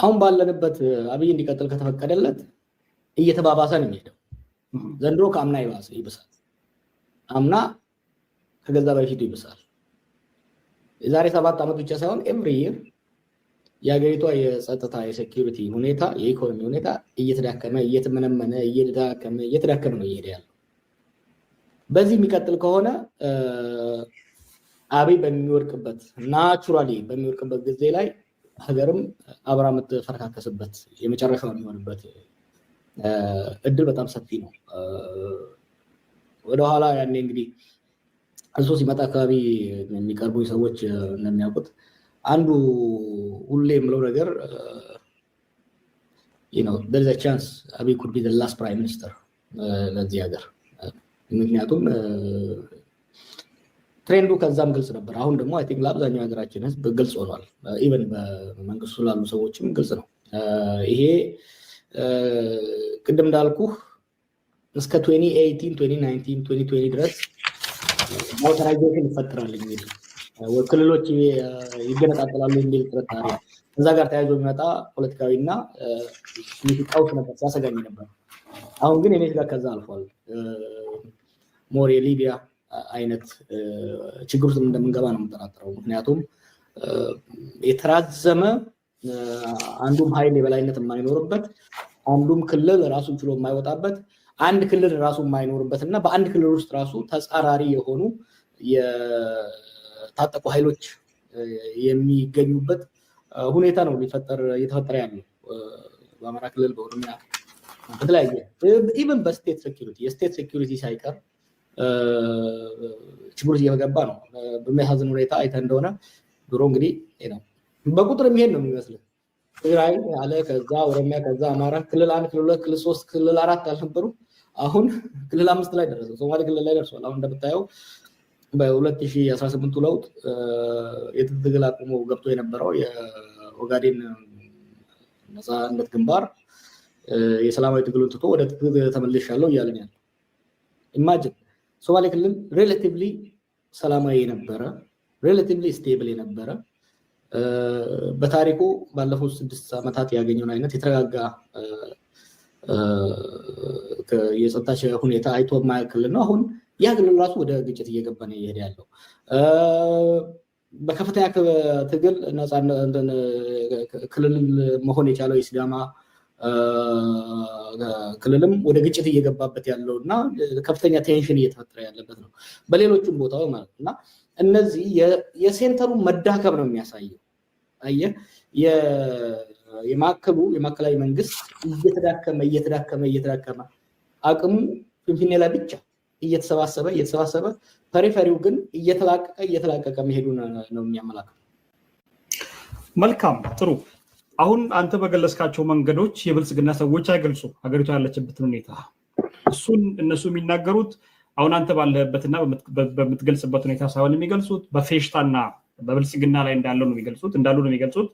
አሁን ባለንበት አብይ እንዲቀጥል ከተፈቀደለት እየተባባሰ ነው የሚሄደው። ዘንድሮ ከአምና ይባሰ ይብሳል። አምና ከገዛ በፊቱ ይብሳል። የዛሬ ሰባት ዓመት ብቻ ሳይሆን ኤቭሪ ይር የሀገሪቷ የጸጥታ የሴኪሪቲ ሁኔታ የኢኮኖሚ ሁኔታ እየተዳከመ እየተመነመነ እየተዳከመ እየተዳከመ ነው እየሄደ ያለው። በዚህ የሚቀጥል ከሆነ አብይ በሚወድቅበት ናቹራሊ በሚወድቅበት ጊዜ ላይ ሀገርም አብራ የምትፈረካከስበት የመጨረሻው የሚሆንበት እድል በጣም ሰፊ ነው። ወደኋላ ያኔ እንግዲህ እሱ ሲመጣ አካባቢ የሚቀርቡ ሰዎች እንደሚያውቁት አንዱ ሁሌ የምለው ነገር ደርዘ ቻንስ አብይ ኩድ ቢ ላስት ፕራይም ሚኒስትር ለዚህ ሀገር ምክንያቱም ትሬንዱ ከዛም ግልጽ ነበር። አሁን ደግሞ አይ ቲንክ ለአብዛኛው ሀገራችን ህዝብ ግልጽ ሆኗል። ኢቨን በመንግስቱ ላሉ ሰዎችም ግልጽ ነው። uh, ይሄ uh, ቅድም እንዳልኩህ እስከ 2018 ድረስ ሞተራይዜሽን ይፈጥራል የሚል uh, ክልሎች ይገነጣጠላሉ የሚል ጥርጣሬ እዛ ጋር ተያይዞ የሚመጣ ፖለቲካዊና ቀውስ ነበር ሲያሰጋኝ ነበር። አሁን ግን የኔ ጋር ከዛ አልፏል። ሞር የሊቢያ አይነት ችግር ውስጥ እንደምንገባ ነው የምንጠራጠረው ምክንያቱም የተራዘመ አንዱም ኃይል የበላይነት የማይኖርበት አንዱም ክልል ራሱን ችሎ የማይወጣበት አንድ ክልል ራሱ የማይኖርበት እና በአንድ ክልል ውስጥ ራሱ ተጻራሪ የሆኑ የታጠቁ ኃይሎች የሚገኙበት ሁኔታ ነው ሊፈጠር እየተፈጠረ ያለው በአማራ ክልል፣ በኦሮሚያ፣ በተለያየ ኢቨን በስቴት ሴኪሪቲ የስቴት ሴኪሪቲ ሳይቀር ችግር እየገባ ነው። በሚያሳዝን ሁኔታ አይተ እንደሆነ ድሮ እንግዲህ ነው በቁጥር የሚሄድ ነው የሚመስለው። ትግራይ አለ፣ ከዛ ኦሮሚያ፣ ከዛ አማራ ክልል አንድ ክልል ሁለት ክልል ሶስት ክልል አራት አልነበሩ። አሁን ክልል አምስት ላይ ደረሰ፣ ሶማሌ ክልል ላይ ደርሷል። አሁን እንደምታየው በ2018 ለውጥ የትግል አቁሞ ገብቶ የነበረው የኦጋዴን ነፃነት ግንባር የሰላማዊ ትግሉን ትቶ ወደ ትግል ተመልሻለሁ እያለን ያለ ኢማጅን ሶማሌ ክልል ሬላቲቭሊ ሰላማዊ የነበረ ሬላቲቭሊ ስቴብል የነበረ በታሪኩ ባለፉት ስድስት ዓመታት ያገኘውን አይነት የተረጋጋ የጸጥታ ሁኔታ አይቶ የማያውቅ ክልል ነው። አሁን ያ ክልል ራሱ ወደ ግጭት እየገባ ነው እየሄደ ያለው። በከፍተኛ ትግል ክልል መሆን የቻለው የሲዳማ ክልልም ወደ ግጭት እየገባበት ያለው እና ከፍተኛ ቴንሽን እየተፈጠረ ያለበት ነው፣ በሌሎቹም ቦታው ማለት እና እነዚህ የሴንተሩ መዳከም ነው የሚያሳየው። አየህ የማዕከሉ የማዕከላዊ መንግስት እየተዳከመ እየተዳከመ እየተዳከመ አቅሙ ፊንፊኔ ላይ ብቻ እየተሰባሰበ እየተሰባሰበ ፐሪፈሪው ግን እየተላቀቀ እየተላቀቀ መሄዱ ነው የሚያመላክ መልካም ጥሩ። አሁን አንተ በገለጽካቸው መንገዶች የብልጽግና ሰዎች አይገልጹም ሀገሪቷ ያለችበትን ሁኔታ። እሱን እነሱ የሚናገሩት አሁን አንተ ባለህበትና በምትገልጽበት ሁኔታ ሳይሆን የሚገልጹት በፌሽታና በብልጽግና ላይ እንዳለው ነው የሚገልጹት እንዳሉ ነው የሚገልጹት።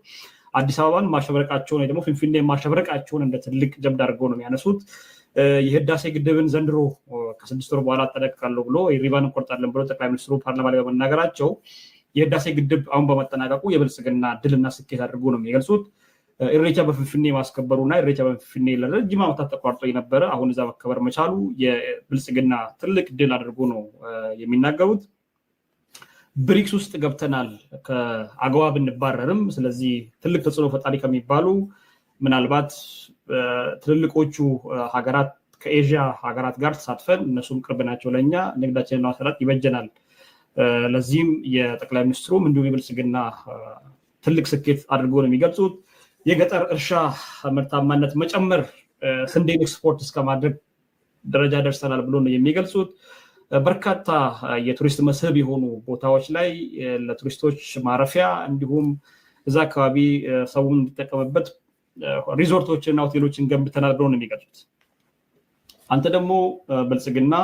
አዲስ አበባን ማሸበረቃቸውን ወይ ደግሞ ፊንፊኔ ማሸበረቃቸውን እንደ ትልቅ ጀብድ አድርገው ነው የሚያነሱት። የህዳሴ ግድብን ዘንድሮ ከስድስት ወር በኋላ አጠናቅቃለሁ ብሎ ሪባን እንቆርጣለን ብሎ ጠቅላይ ሚኒስትሩ ፓርላማ ላይ በመናገራቸው የህዳሴ ግድብ አሁን በመጠናቀቁ የብልጽግና ድልና ስኬት አድርጎ ነው የሚገልጹት። ኢሬቻ በፍንፍኔ ማስከበሩ እና ኢሬቻ በፍንፍኔ ለረጅም ዓመታት ተቋርጦ የነበረ አሁን እዛ መከበር መቻሉ የብልጽግና ትልቅ ድል አድርጎ ነው የሚናገሩት። ብሪክስ ውስጥ ገብተናል፣ ከአገዋ ብንባረርም፣ ስለዚህ ትልቅ ተጽዕኖ ፈጣሪ ከሚባሉ ምናልባት ትልልቆቹ ሀገራት ከኤዥያ ሀገራት ጋር ተሳትፈን እነሱም ቅርብ ናቸው ለእኛ ንግዳችንን ለማሰራት ይበጀናል። ለዚህም የጠቅላይ ሚኒስትሩም እንዲሁም የብልጽግና ትልቅ ስኬት አድርጎ ነው የሚገልጹት። የገጠር እርሻ ምርታማነት መጨመር ስንዴን ኤክስፖርት እስከማድረግ ደረጃ ደርሰናል ብሎ ነው የሚገልጹት። በርካታ የቱሪስት መስህብ የሆኑ ቦታዎች ላይ ለቱሪስቶች ማረፊያ እንዲሁም እዛ አካባቢ ሰውን እንዲጠቀምበት ሪዞርቶችንና ሆቴሎችን ገንብተናል ብሎ ነው የሚገልጹት። አንተ ደግሞ ብልጽግና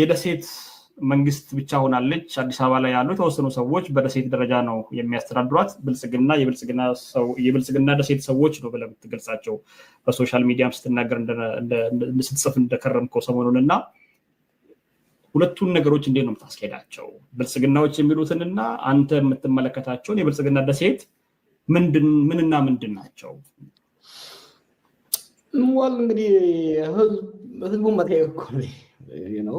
የደሴት መንግስት ብቻ ሆናለች። አዲስ አበባ ላይ ያሉ የተወሰኑ ሰዎች በደሴት ደረጃ ነው የሚያስተዳድሯት። ብልጽግና የብልጽግና ደሴት ሰዎች ነው ብለህ የምትገልጻቸው በሶሻል ሚዲያም ስትናገር ስትጽፍ እንደከረምከው ሰሞኑን እና ሁለቱን ነገሮች እንዴት ነው የምታስኬዳቸው? ብልጽግናዎች የሚሉትንና አንተ የምትመለከታቸውን የብልጽግና ደሴት ምንና ምንድን ናቸው? ዋል እንግዲህ ህዝቡ መጠየቅ ነው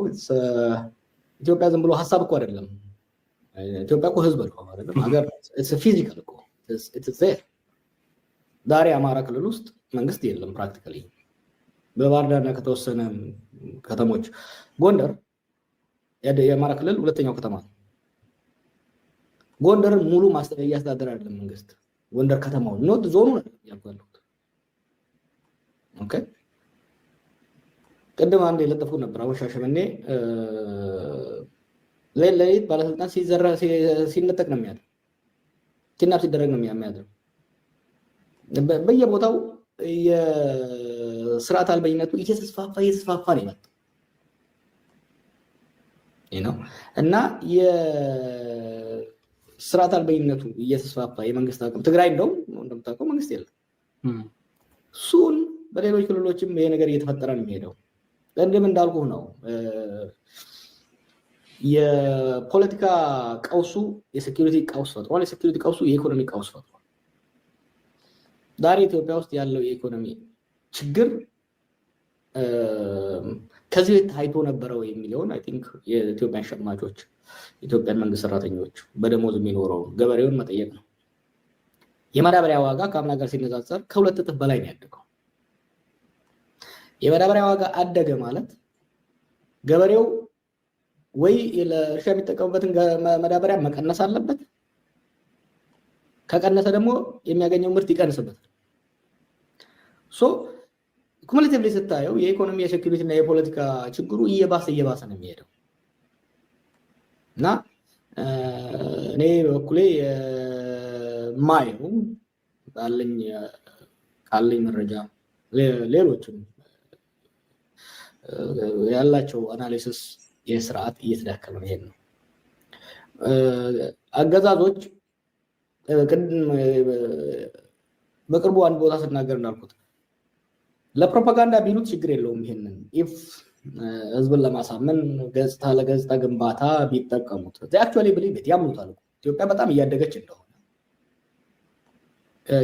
ኢትዮጵያ ዝም ብሎ ሀሳብ እኮ አይደለም። ኢትዮጵያ እኮ ህዝብ ነው ፊዚካል እኮ ዛሬ አማራ ክልል ውስጥ መንግስት የለም ፕራክቲካሊ በባህር ዳርና ከተወሰነ ከተሞች ጎንደር የአማራ ክልል ሁለተኛው ከተማ ነው። ጎንደርን ሙሉ እያስተዳደረ አይደለም መንግስት። ጎንደር ከተማውን ኖት ዞኑ ያልኩት ቅድም አንድ የለጠፍኩት ነበር። አሁን ሻሸመኔ ሌት ለሌት ባለስልጣን ሲነጠቅ ነው የሚያድር። ኪናፕ ሲደረግ ነው የሚያድር። በየቦታው የስርዓት አልበኝነቱ እየተስፋፋ እየተስፋፋ ነው ይመጣ ነው እና የስርዓት አልበኝነቱ እየተስፋፋ የመንግስት አቅም ትግራይ እንደውም እንደምታውቀው መንግስት የለም። እሱን በሌሎች ክልሎችም ይሄ ነገር እየተፈጠረ ነው የሚሄደው። ቅድም እንዳልኩ ነው የፖለቲካ ቀውሱ የሴኪሪቲ ቀውስ ፈጥሯል። የሴኪሪቲ ቀውሱ የኢኮኖሚ ቀውስ ፈጥሯል። ዛሬ ኢትዮጵያ ውስጥ ያለው የኢኮኖሚ ችግር ከዚህ ታይቶ ነበረው የሚለውን አይ ቲንክ የኢትዮጵያን ሸማቾች፣ የኢትዮጵያን መንግስት ሰራተኞች፣ በደሞዝ የሚኖረውን ገበሬውን መጠየቅ ነው። የማዳበሪያ ዋጋ ከአምና ጋር ሲነጻጸር ከሁለት እጥፍ በላይ ነው ያደገው። የማዳበሪያ ዋጋ አደገ ማለት ገበሬው ወይ ለእርሻ የሚጠቀሙበትን መዳበሪያ መቀነስ አለበት። ከቀነሰ ደግሞ የሚያገኘው ምርት ይቀንስበታል። ሶ ኩሙሌቲቭሊ ስታየው የኢኮኖሚ የሴኪሪቲ እና የፖለቲካ ችግሩ እየባሰ እየባሰ ነው የሚሄደው እና እኔ በኩሌ የማየው ካለኝ መረጃ ሌሎችም ያላቸው አናሊሲስ የስርዓት እየተዳከመ መሄድ ነው። አገዛዞች በቅርቡ አንድ ቦታ ስናገር እንዳልኩት ለፕሮፓጋንዳ ቢሉት ችግር የለውም። ይሄንን ኢፍ ህዝብን ለማሳመን ገጽታ ለገጽታ ግንባታ ቢጠቀሙት አክቹዋሊ ብሊቤት ያምኑታል። ኢትዮጵያ በጣም እያደገች እንደሆነ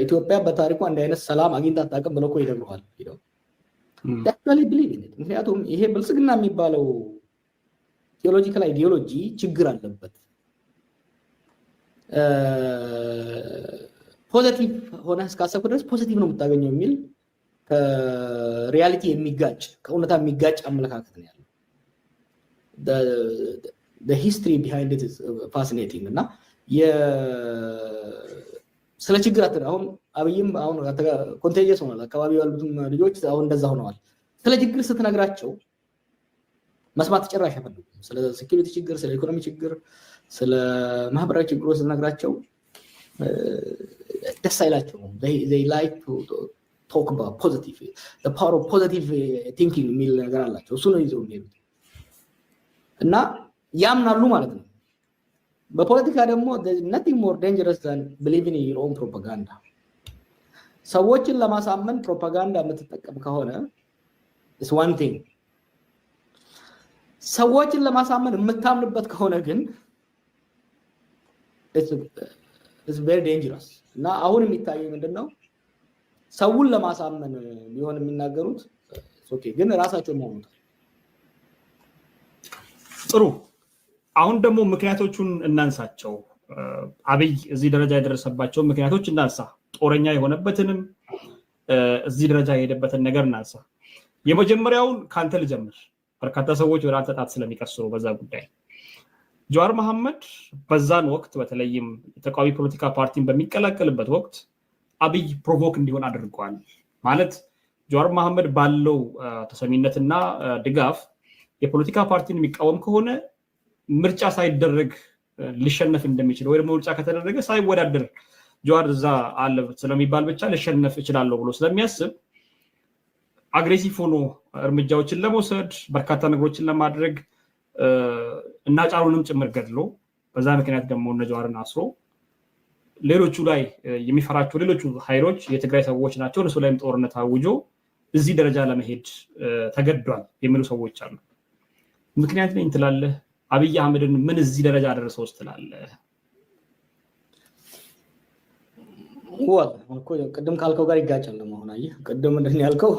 ኢትዮጵያ በታሪኩ አንድ አይነት ሰላም አግኝታ አታውቅም ብለው እኮ ምክንያቱም ይሄ ብልጽግና የሚባለው ቴዎሎጂካል አይዲዮሎጂ ችግር አለበት። ፖዘቲቭ ሆነ እስካሰብኩ ድረስ ፖዘቲቭ ነው የምታገኘው የሚል ከሪያሊቲ የሚጋጭ ከእውነታ የሚጋጭ አመለካከት ነው ያለው። ሂስትሪ ቢሃይንድ ፋሲኔቲንግ እና ስለ ችግር አሁን አብይም አሁን ኮንቴጀስ ሆኗል። አካባቢ ያሉትም ልጆች አሁን እንደዛ ሆነዋል። ስለ ችግር ስትነግራቸው መስማት ተጨራሽ አይፈልጉም። ስለ ሴኪሪቲ ችግር፣ ስለ ኢኮኖሚ ችግር፣ ስለ ማህበራዊ ችግሮች ስነግራቸው ደስ አይላቸውም። ላይክ ቶክ ፖዘቲቭ ፓወር ኦፍ ፖዘቲቭ ቲንኪንግ የሚል ነገር አላቸው። እሱ ነው ይዘው የሚሄዱት እና ያምናሉ ማለት ነው። በፖለቲካ ደግሞ ነቲንግ ሞር ዴንጀረስ ዛን ብሊቪን ዩር ፕሮፓጋንዳ። ሰዎችን ለማሳመን ፕሮፓጋንዳ የምትጠቀም ከሆነ ስ ዋን ቲንግ ሰዎችን ለማሳመን የምታምንበት ከሆነ ግን ቬሪ ዴንጀረስ እና አሁን የሚታየው ምንድን ነው? ሰውን ለማሳመን ሊሆን የሚናገሩት ኦኬ፣ ግን ራሳቸው ያምኑታል። ጥሩ። አሁን ደግሞ ምክንያቶቹን እናንሳቸው። አብይ እዚህ ደረጃ የደረሰባቸው ምክንያቶች እናንሳ። ጦረኛ የሆነበትንም እዚህ ደረጃ የሄደበትን ነገር እናንሳ። የመጀመሪያውን ከአንተ ልጀምር። በርካታ ሰዎች ወደ አንተ ጣት ስለሚቀስሩ በዛ ጉዳይ ጀዋር መሐመድ በዛን ወቅት በተለይም የተቃዋሚ ፖለቲካ ፓርቲን በሚቀላቀልበት ወቅት አብይ ፕሮቮክ እንዲሆን አድርጓል። ማለት ጀዋር መሐመድ ባለው ተሰሚነትና ድጋፍ የፖለቲካ ፓርቲን የሚቃወም ከሆነ ምርጫ ሳይደረግ ሊሸነፍ እንደሚችል ወይ ደግሞ ምርጫ ከተደረገ ሳይወዳደር ጀዋር እዛ አለ ስለሚባል ብቻ ልሸነፍ እችላለሁ ብሎ ስለሚያስብ አግሬሲቭ ሆኖ እርምጃዎችን ለመውሰድ በርካታ ነገሮችን ለማድረግ እና ጫሩንም ጭምር ገድሎ በዛ ምክንያት ደግሞ እነ ጀዋርን አስሮ ሌሎቹ ላይ የሚፈራቸው ሌሎቹ ኃይሎች የትግራይ ሰዎች ናቸው፣ እነሱ ላይም ጦርነት አውጆ እዚህ ደረጃ ለመሄድ ተገዷል የሚሉ ሰዎች አሉ። ምክንያት ነኝ ትላለህ? አብይ አህመድን ምን እዚህ ደረጃ አደረሰው ትላለህ? ቅድም ካልከው ጋር ይጋጫል። ለመሆን አየህ፣ ቅድም ምንድን ያልከው?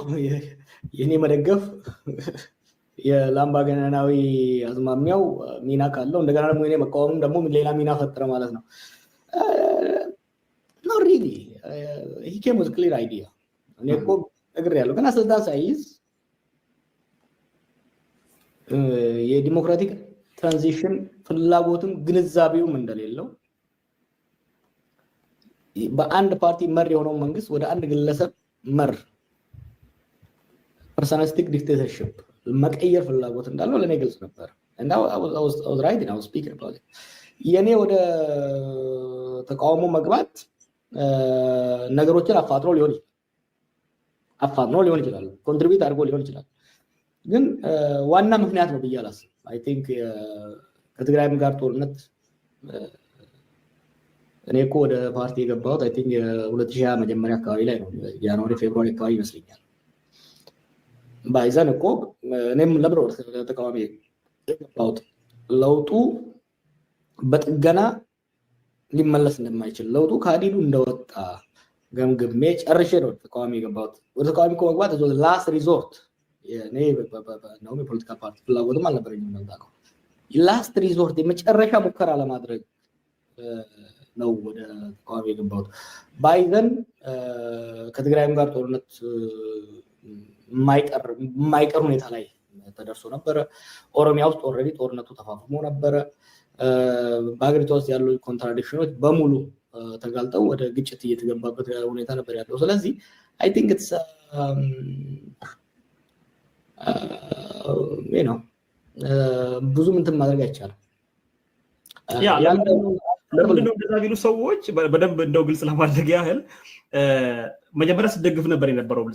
የእኔ መደገፍ የላምባገነናዊ አዝማሚያው ሚና ካለው እንደገና ደግሞ ኔ መቃወምም ደግሞ ሌላ ሚና ፈጠረ ማለት ነው። ኖት ሪሊ ሂ ኬም ዊዝ ክሊር አይዲያ። እኔ እኮ ነግሬያለሁ፣ ግን ስልጣን ሳይይዝ የዲሞክራቲክ ትራንዚሽን ፍላጎትም ግንዛቤውም እንደሌለው በአንድ ፓርቲ መር የሆነው መንግስት ወደ አንድ ግለሰብ መር ፐርሰናሊስቲክ ዲክቴተርሽፕ መቀየር ፍላጎት እንዳለው ለእኔ ግልጽ ነበር። የእኔ ወደ ተቃውሞ መግባት ነገሮችን አፋጥኖ ሊሆን አፋጥኖ ሊሆን ይችላል ኮንትሪቢዩት አድርጎ ሊሆን ይችላል። ግን ዋና ምክንያት ነው ብዬ አላስብም። አይ ቲንክ ከትግራይም ጋር ጦርነት እኔ እኮ ወደ ፓርቲ የገባሁት አይ ቲንክ የሁለት ሺህ መጀመሪያ አካባቢ ላይ ነው። ጃንዋሪ ፌብሩዋሪ አካባቢ ይመስለኛል። ባይዘን እኮ እኔም ለምሮ ተቃዋሚ የገባሁት ለውጡ በጥገና ሊመለስ እንደማይችል ለውጡ ከአዲዱ እንደወጣ ገምግሜ ጨርሼ ነው ተቃዋሚ የገባሁት። ወደ ተቃዋሚ እኮ መግባት ላስት ሪዞርት እኔ የፖለቲካ ፓርቲ ፍላጎትም አልነበረኝም። ላስት ሪዞርት የመጨረሻ ሙከራ ለማድረግ ነው ወደ ተቃዋሚ የገባሁት። ባይዘን ከትግራይም ጋር ጦርነት የማይቀር ሁኔታ ላይ ተደርሶ ነበረ። ኦሮሚያ ውስጥ ኦልሬዲ ጦርነቱ ተፋፍሞ ነበረ። በሀገሪቷ ውስጥ ያሉ ኮንትራዲክሽኖች በሙሉ ተጋልጠው ወደ ግጭት እየተገባበት ሁኔታ ነበር ያለው። ስለዚህ አይ ቲንክ ኢትስ ነው ብዙ ምንትን ማድረግ አይቻልም። ለምንድነው እንደዛ ቢሉ ሰዎች በደንብ እንደው ግልጽ ለማድረግ ያህል መጀመሪያ ስደግፍ ነበር የነበረው